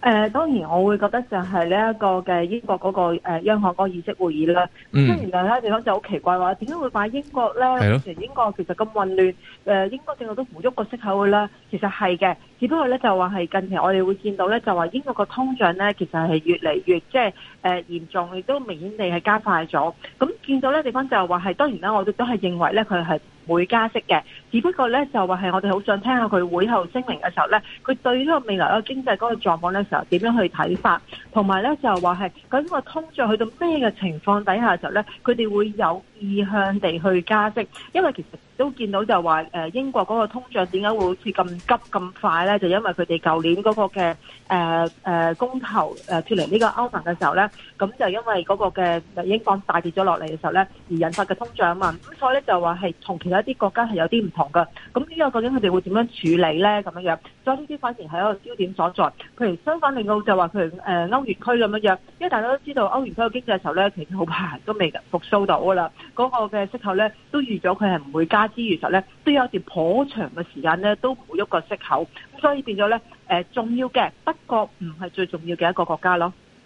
誒、呃、當然，我會覺得就係呢一個嘅英國嗰、嗰個、呃、央行嗰個議息會議啦。嗯，然後咧，地方就好奇怪話，點解會把英國呢？係咯的。其實英國其實咁混亂、呃，英國整個都唔喐個息口嘅咧。其實係嘅，只不過咧就話係近期我哋會見到呢，就話英國個通脹呢其實係越嚟越即係誒嚴重，亦都明顯地係加快咗。咁見到呢地方就係話係當然啦，我哋都係認為呢，佢係會加息嘅。只不過咧就話係我哋好想聽下佢會後聲明嘅時候咧，佢對呢個未來嘅經濟嗰個狀況咧時候點樣去睇法，同埋咧就話係究竟個通脹去到咩嘅情況底下嘅時候咧，佢哋會有意向地去加息，因為其實都見到就話誒英國嗰個通脹點解會好似咁急咁快咧，就因為佢哋舊年嗰個嘅誒誒公投誒脫離呢個歐盟嘅時候咧，咁就因為嗰個嘅英鎊大跌咗落嚟嘅時候咧，而引發嘅通脹啊嘛，咁所以咧就話係同其他啲國家係有啲唔同。咁呢個究竟佢哋會點樣處理咧？咁樣樣，所以呢啲反而係一個焦點所在。譬如相反，另一個就話，譬如誒歐元區咁樣樣，因為大家都知道歐元區嘅經濟時候咧，其實好排都未復甦到嘅啦。嗰、嗰個嘅息口咧都預咗佢係唔會加資，其實咧都有一段頗長嘅時間咧都冇一個息口，所以變咗咧誒重要嘅，不過唔係最重要嘅一個國家咯。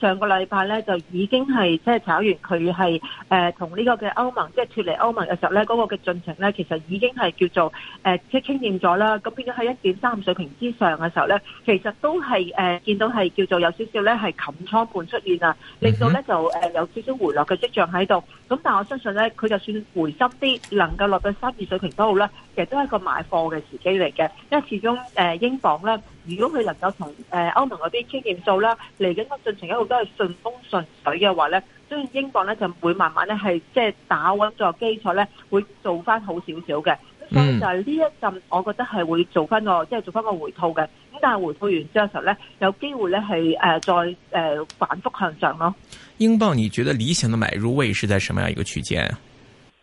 上個禮拜咧就已經係即係炒完佢，係誒同呢個嘅歐盟即係、就是、脫離歐盟嘅時候咧，嗰、那個嘅進程咧其實已經係叫做誒即係傾掂咗啦。咁變咗喺一點三五水平之上嘅時候咧，其實都係誒、呃、見到係叫做有少少咧係冚倉盤出現啦，令到咧就誒有少少回落嘅跡象喺度。咁但我相信咧，佢就算回心啲，能夠落到三二水平都好啦，其實都係一個買貨嘅時機嚟嘅，因為始終英鎊咧，如果佢能夠同誒歐盟嗰啲傾掂數啦，嚟緊嘅進程一路。都係順風順水嘅話咧，所以英鎊咧就會慢慢咧係即係打穩咗基礎咧，會做翻好少少嘅。咁所以就係呢一陣，我覺得係會做翻個即係做翻個回吐嘅。咁但係回吐完之後咧，有機會咧係誒再誒反覆向上咯。英鎊，你覺得理想嘅買入位是在什麼樣一個區間啊？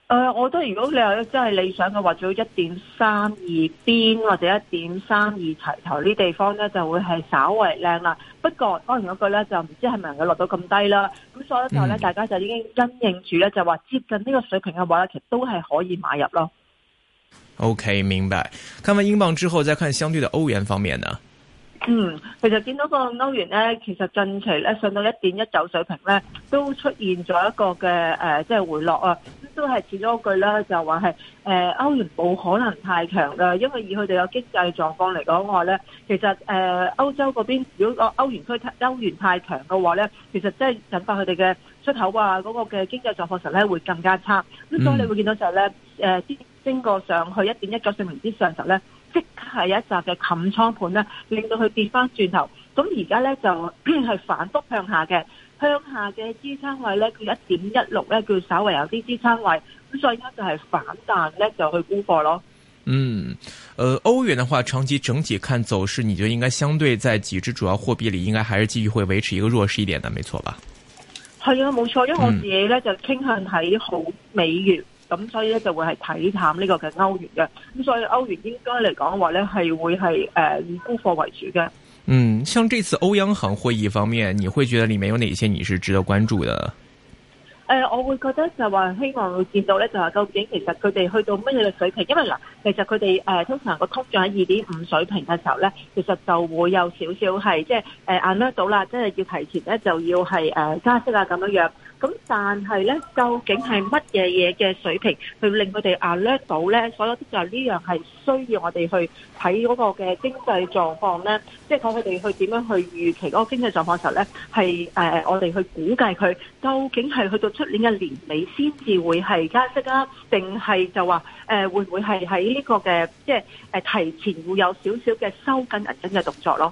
誒、呃，我覺得如果你話真係理想嘅話，做一點三二邊或者一點三二齊頭呢地方呢，就會係稍為靚啦。不過，當然嗰句呢，就唔知係咪能夠落到咁低啦。咁所以就咧，嗯、大家就已經因應住呢，就話接近呢個水平嘅話咧，其實都係可以買入咯。OK，明白。看完英鎊之後，再看相對嘅歐元方面呢？嗯，其實見到個歐元呢，其實近期呢，上到一點一九水平呢，都出現咗一個嘅誒、呃，即係回落啊。都係似咗句啦，就話係誒歐元冇可能太強㗎，因為以佢哋嘅經濟狀況嚟講話咧，其實誒歐、呃、洲嗰邊如果歐元區太歐元太強嘅話咧，其實即係引發佢哋嘅出口啊嗰、嗰個嘅經濟狀況實咧會更加差。咁所以你會見到就呢、係、咧，誒、呃、升過上去一點一九四零之上時呢，咧，即係一集嘅冚倉盤咧，令到佢跌翻轉頭。咁而家咧就係 反覆向下嘅。向下嘅支撐位咧，佢一點一六咧，佢稍微有啲支撐位，咁所以咧就係反彈咧，就去沽貨咯。嗯，誒、呃，歐元的話，長期整體看走勢，你就應該相對在幾隻主要貨幣裏，應該還是繼續會維持一個弱勢一點的，沒錯吧？係啊，冇錯，因為我自己咧、嗯、就傾向睇好美元，咁所以咧就會係睇淡呢個嘅歐元嘅，咁所以歐元應該嚟講話咧係會係誒沽貨為主嘅。嗯，像這次歐央行會議方面，你會覺得裏面有哪些你是值得關注的？誒、呃，我會覺得就話希望會見到咧，就係究竟其實佢哋去到乜嘢嘅水平？因為嗱、呃，其實佢哋誒通常個通脹喺二點五水平嘅時候咧，其實就會有少少係即係誒眼瞄到啦，即係、呃、要提前咧就要係誒、呃、加息啊咁樣樣。咁但係咧，究竟係乜嘢嘢嘅水平去令佢哋 alert 到咧？所有啲就係呢樣係需要我哋去睇嗰個嘅經濟狀況咧，即係講，佢哋去點樣去預期嗰個經濟狀況時候咧，係誒、呃、我哋去估計佢究竟係去到出年嘅年尾先至會係加息啊，定係就話誒、呃、會唔會係喺呢個嘅即係提前會有少少嘅收緊銀根嘅動作咯？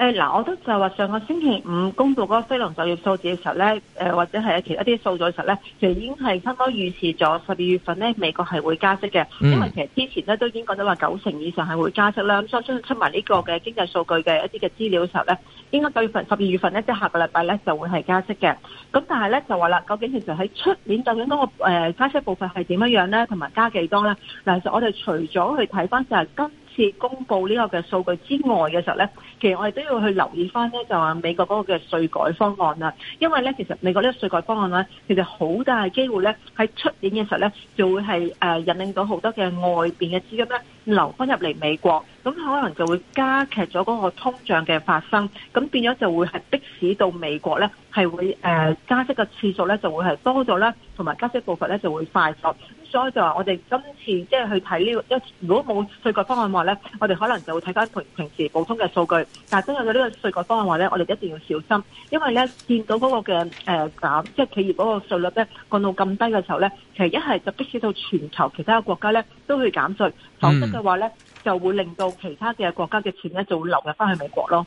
誒嗱，嗯、我覺得就話上個星期五公佈嗰個非農就業數字嘅時候咧、呃，或者係其他啲數字嘅時候咧，其實已經係差唔多預示咗十二月份咧美國係會加息嘅，因為其實之前咧都已經講咗話九成以上係會加息啦。咁所以出埋呢個嘅經濟數據嘅一啲嘅資料嘅時候咧，應該九月份、十二月份咧即係下個禮拜咧就會係加息嘅。咁但係咧就話啦，究竟其實喺出年究竟嗰、那個、呃、加息部分係點樣樣咧，同埋加幾多咧？嗱，其實我哋除咗去睇返就係今公布呢個嘅數據之外嘅時候咧，其實我哋都要去留意翻咧，就話美國嗰個嘅稅改方案啦。因為咧，其實美國呢個稅改方案咧，其實好大機會咧，喺出年嘅時候咧，就會係誒引領到好多嘅外邊嘅資金咧流翻入嚟美國，咁可能就會加劇咗嗰個通脹嘅發生，咁變咗就會係迫使到美國咧係會誒加息嘅次數咧就會係多咗啦，同埋加息步伐咧就會快速。所以 就話、是、我哋今次即係去睇呢個一，如果冇稅改方案話咧，我哋可能就會睇翻平平時普通嘅數據。但係真係有呢個稅改方案話咧，我哋一定要小心，因為咧見到嗰個嘅誒、呃、減，即係企業嗰個稅率咧降到咁低嘅時候咧，其實一係就逼使到全球其他國家咧都去減稅，否則嘅話咧就會令到其他嘅國家嘅錢咧就會流入翻去美國咯。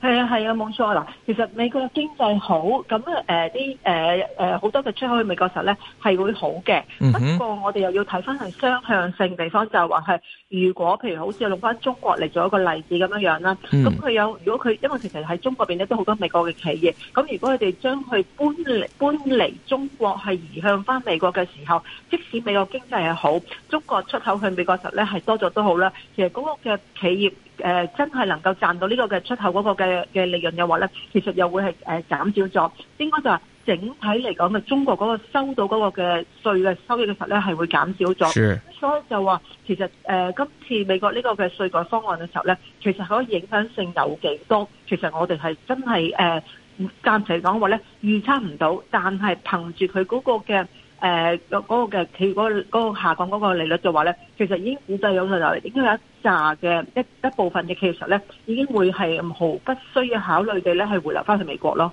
係啊，係啊，冇錯啦。其實美國經濟好，咁誒啲誒誒好多嘅出口去美國時候咧，係會好嘅。嗯、哼不過我哋又要睇翻係雙向性地方，就係話係如果譬如好似用翻中國嚟做一個例子咁、嗯、樣樣啦，咁佢有如果佢因為其實喺中國面咧都好多美國嘅企業，咁如果佢哋將佢搬嚟搬嚟中國係移向翻美國嘅時候，即使美國經濟係好，中國出口去美國時候咧係多咗都好啦。其實嗰個嘅企業。誒、呃、真係能夠賺到呢個嘅出口嗰個嘅利潤嘅話呢，其實又會係、呃、減少咗。應該就係、是、整體嚟講嘅中國嗰個收到嗰個嘅稅嘅收益嘅時候咧，係會減少咗。Sure. 所以就話其實誒、呃、今次美國呢個嘅稅改方案嘅時候咧，其實佢影響性有幾多？其實我哋係真係誒暫時嚟講話呢預測唔到，但係憑住佢嗰個嘅。誒嗰、呃，嗰個嘅企業嗰個下降嗰個利率嘅話咧，其實已經估計有就嚟應該有一扎嘅一一部分嘅企業實咧，已經會係毫不需要考慮地咧，係回流翻去美國咯。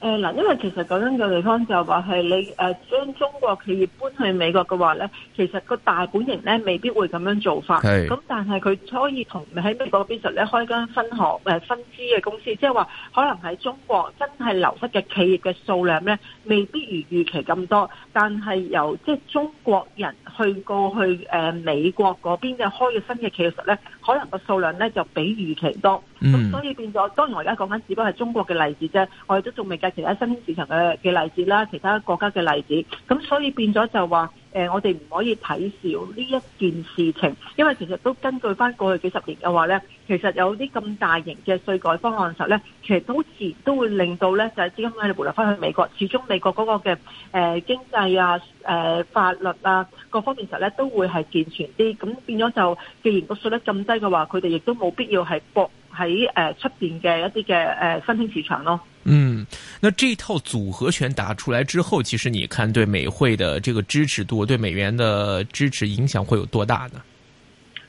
誒嗱，因為其實講緊個地方就係話係，你誒，將中國企業搬去美國嘅話呢，其實個大本營呢未必會咁樣做法。係是，但係佢可以同喺美國嗰邊實呢開間分學，誒，分支嘅公司，即係話可能喺中國真係流失嘅企業嘅數量呢未必如預期咁多。但係由即係中國人去過去誒，美國嗰邊嘅開嘅新嘅企業實呢。可能個數量咧就比預期多，咁、嗯、所以變咗。當然我而家講緊只不過係中國嘅例子啫，我哋都仲未計其他新興市場嘅嘅例子啦，其他國家嘅例子。咁所以變咗就話。誒、呃，我哋唔可以睇少呢一件事情，因為其實都根據翻過去幾十年嘅話咧，其實有啲咁大型嘅稅改方案嘅時候咧，其實都遲都會令到咧，就係資金喺度回流翻去美國。始終美國嗰個嘅誒、呃、經濟啊、誒、呃、法律啊各方面實咧都會係健全啲，咁變咗就，既然個稅率咁低嘅話，佢哋亦都冇必要係博喺誒出邊嘅一啲嘅誒新興市場咯。嗯，那這套組合拳打出來之後，其實你看對美匯的這個支持度，對美元的支持影響會有多大呢？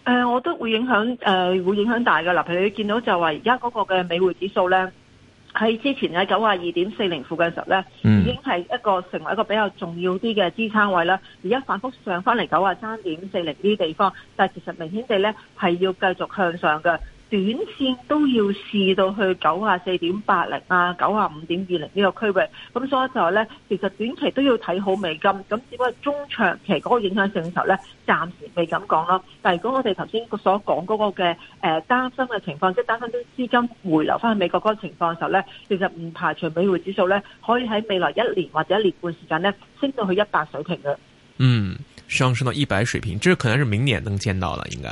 誒、呃，我都會影響，誒、呃、會影響大嘅啦。譬如你見到就話而家嗰個嘅美匯指數咧，喺之前喺九啊二點四零附近嘅時候咧，嗯、已經係一個成為一個比較重要啲嘅支撐位啦。而家反覆上翻嚟九啊三點四零呢啲地方，但係其實明顯地咧係要繼續向上嘅。短綫都要試到去九啊四點八零啊，九啊五點二零呢個區域，咁所以就呢，咧，其實短期都要睇好美金，咁只不過中長期嗰個影響性嘅時候咧，暫時未敢講咯。但係如果我哋頭先所講嗰、那個嘅誒擔心嘅情況，即係擔心啲資金回流翻去美國嗰個情況嘅時候咧，其實唔排除美匯指數咧可以喺未來一年或者一年半時間咧升到去一百水平嘅。嗯，上升到一百水平，即係可能係明年能見到了，應該。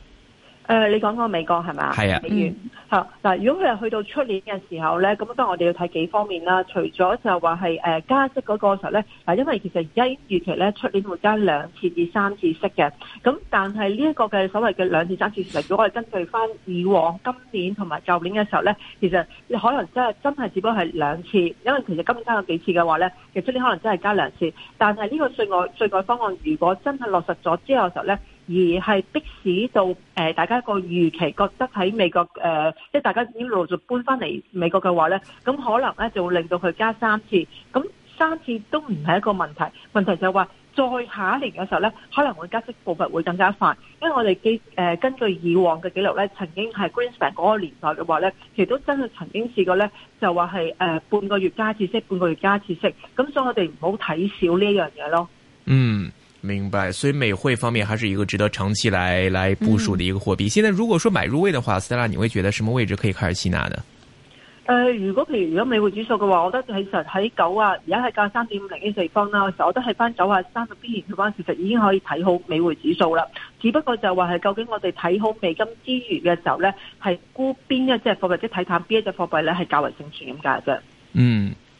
呃、你講講美國係咪？係啊，美元、嗯、嚇，嗱，如果佢去到出年嘅時候咧，咁當我哋要睇幾方面啦。除咗就話係加息嗰個時候咧，嗱，因為其實而家預期咧，出年會加兩次至三次息嘅。咁但係呢一個嘅所謂嘅兩次三次息，如果我係根據翻以往今年同埋舊年嘅時候咧，其實你可能真係真係只不過係兩次，因為其實今年加咗幾次嘅話咧，其實出年可能真係加兩次。但係呢個稅外稅改方案如果真係落實咗之後嘅時候咧。而係迫使到、呃、大家個預期覺得喺美國誒、呃，即大家已經陸續搬翻嚟美國嘅話咧，咁可能咧就會令到佢加三次，咁、嗯、三次都唔係一個問題。問題就係話再下一年嘅時候咧，可能會加息步伐會更加快，因為我哋基誒根據以往嘅記錄咧，曾經係 Greenspan 嗰個年代嘅話咧，其實都真係曾經試過咧，就話係、呃、半個月加一次息，半個月加一次息。咁、嗯、所以我哋唔好睇少呢樣嘢咯。嗯。明白，所以美匯方面還是一個值得長期來來部署的一個貨幣。嗯、現在如果說買入位的話斯 t e 你會覺得什麼位置可以開始吸納呢？誒、呃，如果譬如如果美匯指數嘅話，我覺得其實喺九啊，而家係價三點五零呢地方啦，其實我都係翻九啊三十邊緣嗰班，其實已經可以睇好美匯指數啦。只不過就話係究竟我哋睇好美金之餘嘅時候呢係估邊一隻貨幣是，或者睇探邊一隻貨幣呢係較為正全嘅價值。嗯。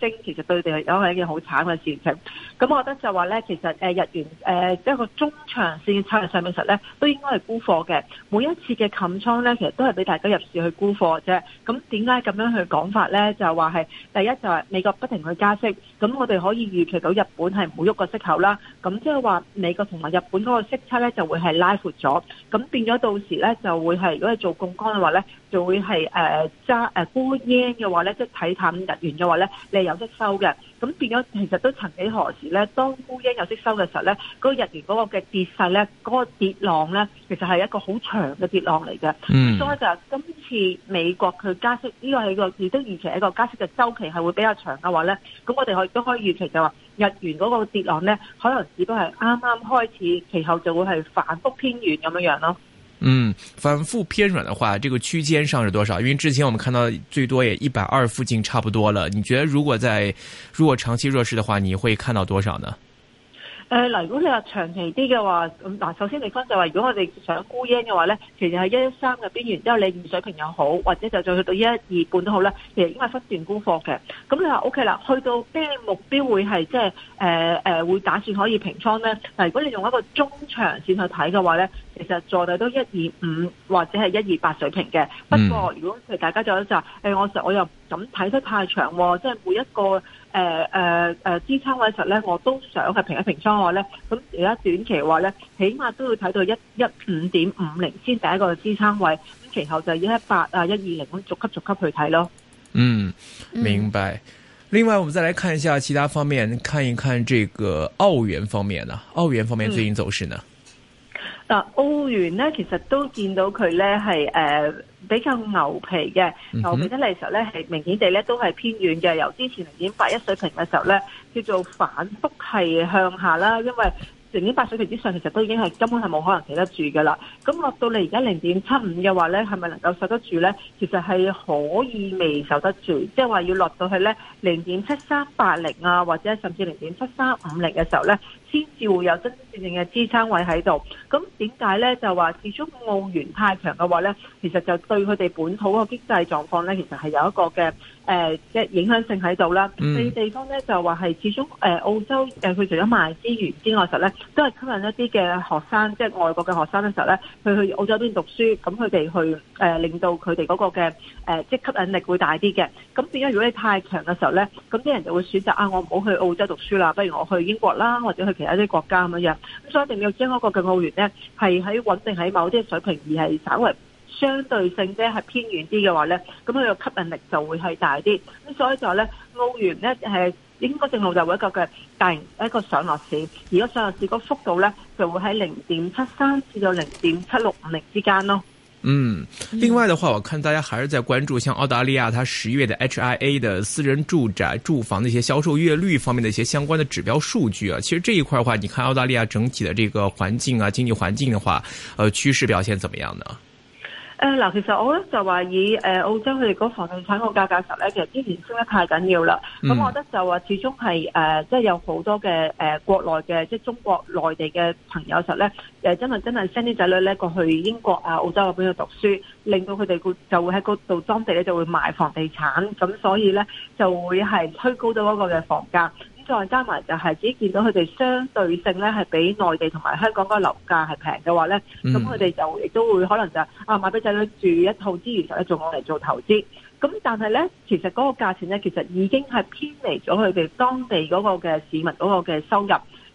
其實對佢哋嚟講係一件好慘嘅事情，咁我覺得就話呢，其實日元誒一個中長線嘅策略上面，實呢都應該係沽貨嘅。每一次嘅冚倉呢，其實都係俾大家入市去沽貨啫。咁點解咁樣去講法呢？就係話係第一就係美國不停去加息，咁我哋可以預期到日本係唔會喐個息口啦。咁即係話美國同埋日本嗰個息差呢就會係拉闊咗，咁變咗到時呢，就會係如果係做槓桿嘅話呢，就會係誒揸誒沽 yen 嘅話呢，即係睇淡日元嘅話咧 有息收嘅，咁變咗其實都曾幾何時咧，當高音有息收嘅時候咧，那那個日元嗰個嘅跌勢咧，嗰、那個跌浪咧，其實係一個好長嘅跌浪嚟嘅。Mm. 所以就今次美國佢加息，呢、這個係一個亦都預期一個加息嘅周期係會比較長嘅話咧，咁我哋亦都可以預期就話，日元嗰個跌浪咧，可能只不過係啱啱開始，其後就會係反覆偏軟咁樣樣咯。嗯，反覆偏軟的話，這個區間上是多少？因為之前我們看到最多也一百二附近差不多了。你覺得如果在如果長期弱勢的話，你會看到多少呢？誒，嗱，如果你話長期啲嘅話，咁嗱，首先你分就話，如果我哋想沽 yen 嘅話咧，其實係一一三嘅邊緣，之後你二水平又好，或者就再去到一一二半都好咧，其實應該分段沽貨嘅。咁你話 O K 啦，去到咩目標會係即係誒誒，會打算可以平倉咧？嗱、呃，如果你用一個中長線去睇嘅話咧。其實坐底都一二五或者係一二八水平嘅，不過如果大家就得就誒，我實我又咁睇得太長，哦，即係每一個誒誒誒支撐位實咧，我都想去平一平倉嘅咧。咁而家短期的話咧，起碼都要睇到一一五點五零先第一個的支撐位，咁其後就要一一八啊一二零咁逐級逐級去睇咯。嗯，明白。嗯、另外，我們再來看一下其他方面，看一看這個澳元方面啊，澳元方面最近走勢呢？嗯但歐元咧，其實都見到佢咧係誒比較牛皮嘅，嗯、哼牛皮得嚟時候咧係明顯地咧都係偏軟嘅，由之前零點八一水平嘅時候咧，叫做反覆係向下啦，因為。零點八水平之上，其實都已經係根本係冇可能企得住㗎啦。咁落到嚟而家零點七五嘅話呢，係咪能夠受得住呢？其實係可以未受得住，即係話要落到去呢零點七三八零啊，或者甚至零點七三五零嘅時候呢，先至會有真真正正嘅支撐位喺度。咁點解呢？就話始終澳元太強嘅話呢，其實就對佢哋本土個經濟狀況呢，其實係有一個嘅。誒、呃、影響性喺度啦，第二、嗯、地方咧就話係始終誒、呃、澳洲誒佢、呃、除咗賣資源之外，之外時候呢，候咧都係吸引一啲嘅學生，即係外國嘅學生嘅時候咧，去去澳洲嗰邊讀書，咁佢哋去誒、呃、令到佢哋嗰個嘅即係吸引力會大啲嘅。咁變咗如果你太強嘅時候咧，咁啲人就會選擇啊，我唔好去澳洲讀書啦，不如我去英國啦，或者去其他啲國家咁樣。咁所以沒一定要將嗰個嘅澳元咧係喺穩定喺某啲水平，而係稍為。相對性即係偏遠啲嘅話呢，咁佢嘅吸引力就會係大啲。咁所以就話呢，澳元呢係應該正路就有一個嘅大一個上落市。而果上落市嗰幅度呢就會喺零點七三至到零點七六五零之間咯。嗯，另外嘅話，我看大家還是在關注，像澳大利亞，它十月的 HIA 的私人住宅住房那些銷售月率方面嘅一些相關的指標數據啊。其實這一塊的話，你看澳大利亞整體嘅這個環境啊，經濟環境嘅話，呃，趨勢表現怎麼樣呢？誒嗱，其實我咧就話以誒澳洲佢哋嗰房地產個價格實咧，其實之前升得太緊要啦。咁、嗯、我覺得就話始終係誒，即係有好多嘅誒國內嘅即係中國內地嘅朋友實咧，誒真係真係 send 啲仔女咧過去英國啊、澳洲嗰邊去讀書，令到佢哋就會喺嗰度當地咧就會買房地產，咁所以咧就會係推高咗嗰個嘅房價。再加埋就係自己見到佢哋相對性咧，係比內地同埋香港嗰個樓價係平嘅話咧，咁佢哋就亦都會可能就啊買俾仔女住一套，之餘就做我嚟做投資。咁但係咧，其實嗰個價錢咧，其實已經係偏離咗佢哋當地嗰個嘅市民嗰個嘅收入，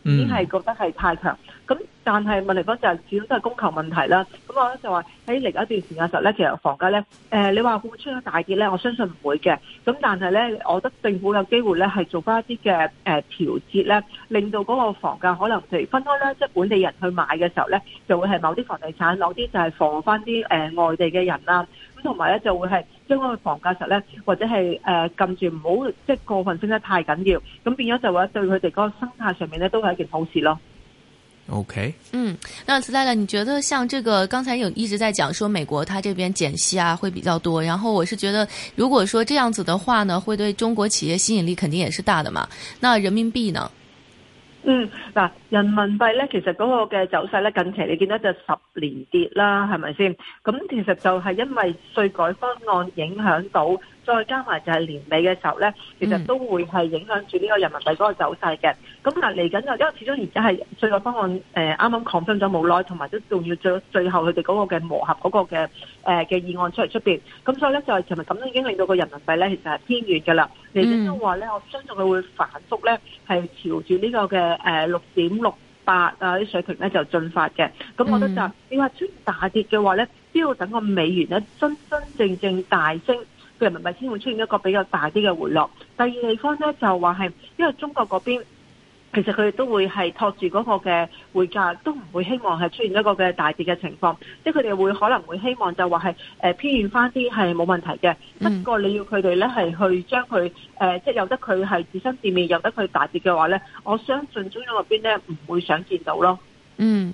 只係、嗯、覺得係太強。咁但係問題就係，主要都係供求問題啦。咁我就話喺嚟一段時間時候咧，其實房價咧，誒，你話會唔會出咗大跌咧？我相信唔會嘅。咁但係咧，我覺得政府有機會咧係做翻一啲嘅誒調節咧，令到嗰個房價可能譬如分開啦。即係本地人去買嘅時候咧，就會係某啲房地產，某啲就係防翻啲誒外地嘅人啦。咁同埋咧就會係將個房價實咧，或者係誒撳住唔好，即係過分升得太緊要。咁變咗就話對佢哋嗰個生態上面咧，都係一件好事咯。OK，嗯，那 Stella，你覺得像這個剛才有一直在講說美國，它這邊減息啊會比較多，然後我是覺得如果說這樣子的話呢，會對中國企業吸引力肯定也是大的嘛？那人民幣呢？嗯，嗱，人民幣呢，其實嗰個嘅走勢呢，近期你見到就十連跌啦，係咪先？咁其實就係因為稅改方案影響到。再加埋就係年尾嘅時候咧，其實都會係影響住呢個人民幣嗰個走勢嘅。咁嗱、嗯，嚟緊就因為始終而家係稅改方案誒啱啱擴張咗冇耐，同埋都仲要最最後佢哋嗰個嘅磨合嗰個嘅誒嘅議案出嚟出邊，咁所以咧，就係尋日，咁已經令到個人民幣咧，其實係偏軟噶啦。嚟緊都話咧，我相信佢會反復咧，係朝住呢個嘅誒六點六八啊啲水平咧，就進發嘅。咁我覺得就你、是嗯、話出現大跌嘅話咧，都要等個美元咧真真正正大升。佢人民幣先會出現一個比較大啲嘅回落。第二地方咧就話係因為中國嗰邊其實佢哋都會係托住嗰個嘅匯價，都唔會希望係出現一個嘅大跌嘅情況。即係佢哋會可能會希望就話係誒偏軟翻啲係冇問題嘅。不過、mm. 你要佢哋咧係去將佢誒、呃、即係由得佢係自生自滅，由得佢大跌嘅話咧，我相信中央嗰邊咧唔會想見到咯。嗯。Mm.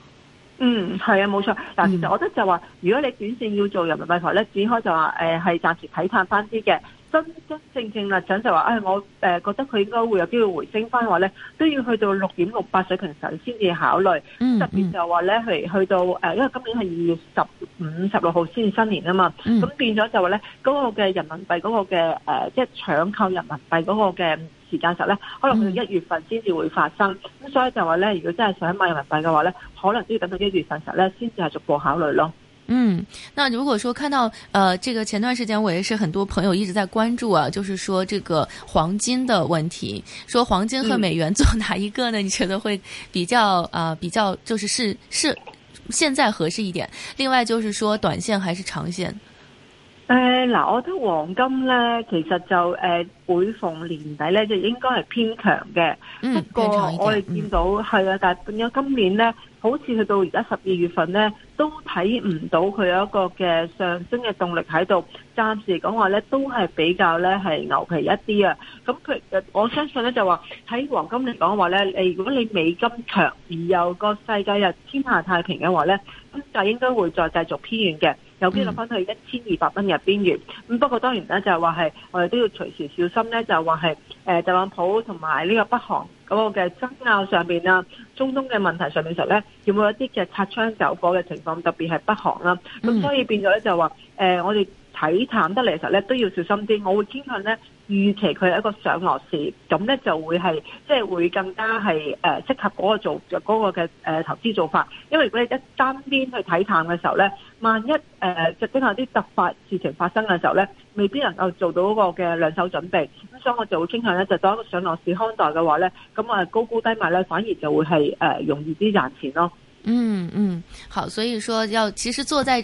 嗯，係啊，冇錯。但其實我覺得就話，如果你短線要做人民幣台咧，只開就話，誒、呃、係暫時睇淡翻啲嘅。真真正正立想就話、哎，我誒、呃、覺得佢應該會有機會回升翻話話咧，都要去到六點六八水平先至考慮。特別就話咧，係去到誒、呃，因為今年係二月十五、十六號先至新年啊嘛。咁變咗就話咧，嗰、那個嘅人民幣嗰個嘅誒、呃，即係搶購人民幣嗰個嘅。時間上呢，可能佢一月份先至會發生，咁所以就話呢，如果真係想買人民幣嘅話呢，可能都要等到一月份上呢，先至係逐步考慮咯。嗯，那如果說看到，呃，這個前段時間我也是很多朋友一直在關注啊，就是說這個黃金的問題，說黃金和美元做哪一個呢？你覺得會比較啊，呃，比較就是是是現在合適一點？另外就是說短線還是長線？誒嗱、呃，我覺得黃金咧，其實就誒每逢年底咧，就應該係偏強嘅。不過、嗯、我哋見到係啊、嗯，但係點解今年咧，好似去到而家十二月份咧，都睇唔到佢有一個嘅上升嘅動力喺度。暫時嚟講話咧，都係比較咧係牛皮一啲啊。咁佢我相信咧就話喺黃金嚟講話咧，誒如果你美金強而又個世界日天下太平嘅話咧，咁就應該會再繼續偏軟嘅。 有機會落翻去一千二百蚊入邊完，咁不過當然咧就係話係我哋都要隨時小心咧，就係話係誒特朗普同埋呢個北韓嗰個嘅爭拗上邊啊，中東嘅問題上面時候咧，有冇一啲嘅擦槍走火嘅情況，特別係北韓啦，咁所以變咗咧就話誒我哋。睇淡得嚟嘅時候咧，都要小心啲。我會傾向咧預期佢係一個上落市，咁咧就會係即係會更加係誒適合嗰個做嗰、嗰個嘅誒、呃、投資做法。因為如果你一單邊去睇淡嘅時候咧，萬一誒即係有啲突發事情發生嘅時候咧，未必能夠做到嗰個嘅兩手準備。咁所以我就會傾向咧就當一個上落市看待嘅話咧，咁啊高沽低買咧反而就會係誒、呃、容易啲賺錢咯。嗯嗯，好，所以說要其實坐在。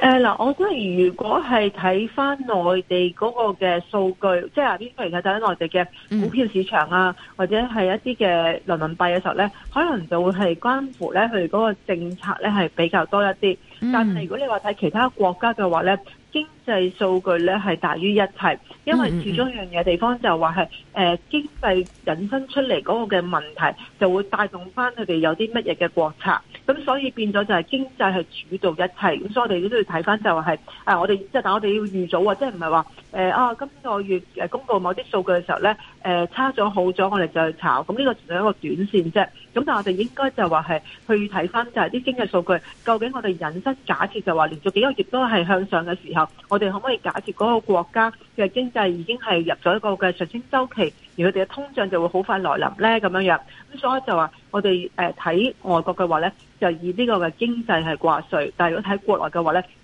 誒，嗱、呃，我覺得如果係睇翻內地嗰個嘅數據，即係啊，而家睇睇內地嘅股票市場啊，嗯、或者係一啲嘅人民幣嘅時候咧，可能就會係關乎咧佢嗰個政策咧係比較多一啲。嗯、但係如果你話睇其他國家嘅話咧，經濟數據咧係大於一切，因為始終一樣嘢地方就話係誒經濟引申出嚟嗰個嘅問題，就會帶動翻佢哋有啲乜嘢嘅國策。咁所以變咗就係經濟係主導一切，咁所以我哋都都要睇翻就話係，啊我哋即係但我哋要預早喎，即係唔係話誒啊今個月公布某啲數據嘅時候咧誒、呃、差咗好咗，我哋就去炒，咁呢個仲係一個短線啫。咁但係我哋應該就話係去睇翻就係啲經濟數據，究竟我哋引申假設就話連續幾個月都係向上嘅時候，我哋可唔可以假設嗰個國家嘅經濟已經係入咗一個嘅上升周期？而佢哋嘅通脹就會好快來臨咧，咁樣樣，咁所以就話我哋誒睇外國嘅話咧，就以呢個嘅經濟係掛帥，但係如果睇國內嘅話咧。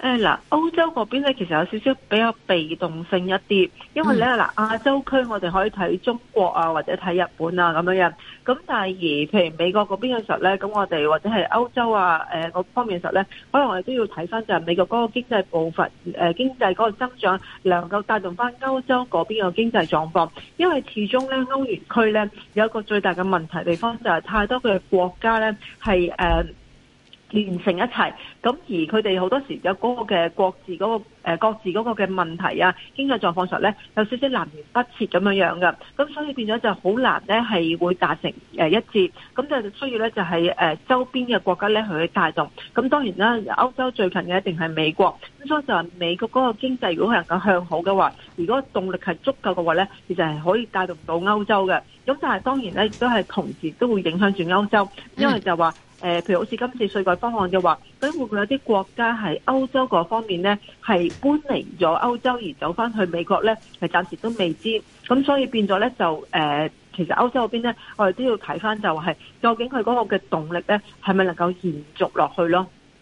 誒嗱，歐洲嗰邊咧其實有少少比較被動性一啲，因為咧嗱亞洲區我哋可以睇中國啊，或者睇日本啊咁樣。咁但係而譬如美國嗰邊嘅時候咧，咁我哋或者係歐洲啊嗰、呃、方面嘅時候咧，可能我哋都要睇翻就係美國嗰個經濟步伐、呃，經濟嗰個增長，能夠帶動翻歐洲嗰邊嘅經濟狀況。因為始終呢，歐元區呢有一個最大嘅問題地方就係太多嘅國家咧係誒，連成一齊，咁而佢哋好多時有嗰個嘅各自、嗰個、嗰個誒各自嗰個嘅問題呀、啊，經濟狀況上呢，有少少南轅北轍咁樣樣嘅，咁所以變咗就好難呢，係會達成一致，咁就需要呢，就係周邊嘅國家咧去帶動，咁當然啦，歐洲最近嘅一定係美國，咁所以就話美國嗰個經濟如果係能夠向好嘅話，如果動力係足夠嘅話呢，其實係可以帶動到歐洲嘅，咁但係當然咧亦都係同時都會影響住歐洲，因為就話。誒，譬如好似今次稅改方案嘅話，咁會唔會有啲國家係歐洲嗰方面咧，係搬離咗歐洲而走翻去美國咧？係暫時都未知，咁所以變咗咧就誒、呃，其實歐洲嗰邊咧，我哋都要睇翻就係、是、究竟佢嗰個嘅動力咧，係咪能夠延續落去咯？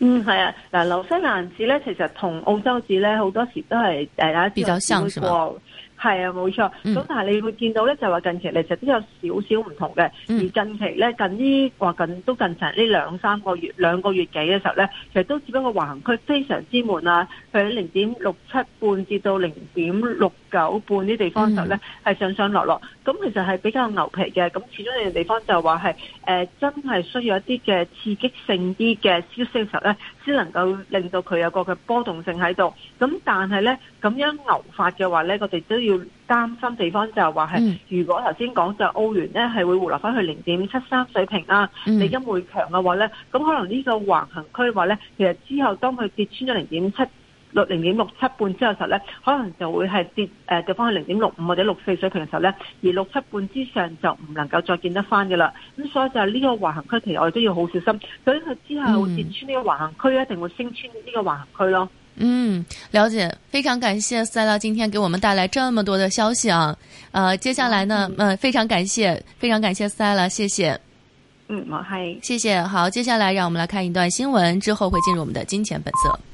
嗯，係啊，嗱，紐西蘭紙咧，其實同澳洲紙咧，好多時都係大家一啲相似。係啊，冇錯。咁、嗯、但係你會見到咧，就話近期咧，其實都有少少唔同嘅。嗯、而近期咧，近呢話近都近成呢兩三個月、兩個月幾嘅時候咧，其實都只不過橫行區非常之悶啊，佢喺零點六七半至到零點六九半啲地方就咧係上上落落，咁其實係比較牛皮嘅，咁始終你啲地方就話係誒真係需要一啲嘅刺激性啲嘅消息嘅時候咧，先能夠令到佢有個嘅波動性喺度。咁但係咧咁樣牛發嘅話咧，我哋都要擔心地方就係話係，嗯、如果頭先講就澳元咧係會回落翻去零點七三水平啦、啊，嗯、你今會強嘅話咧，咁可能呢個橫行區話咧，其實之後當佢跌穿咗零點七。六零點六七半之後時候呢，可能就會係跌誒，跌翻去零點六五或者六四水平嘅時候呢，而六七半之上就唔能夠再見得翻嘅啦。咁所以就係呢個橫行區，其實，我哋都要好小心。所以佢之後會跌穿呢個橫行區，啊，一定會升穿呢個橫行區咯。嗯，了解，非常感謝 Stella 今天給我們帶來這麼多的消息啊！啊、呃，接下來呢，嗯、呃，非常感謝，非常感謝 Stella，謝謝。嗯，我係，謝謝。好，接下來讓我們來看一段新聞，之後會進入我們的金錢本色。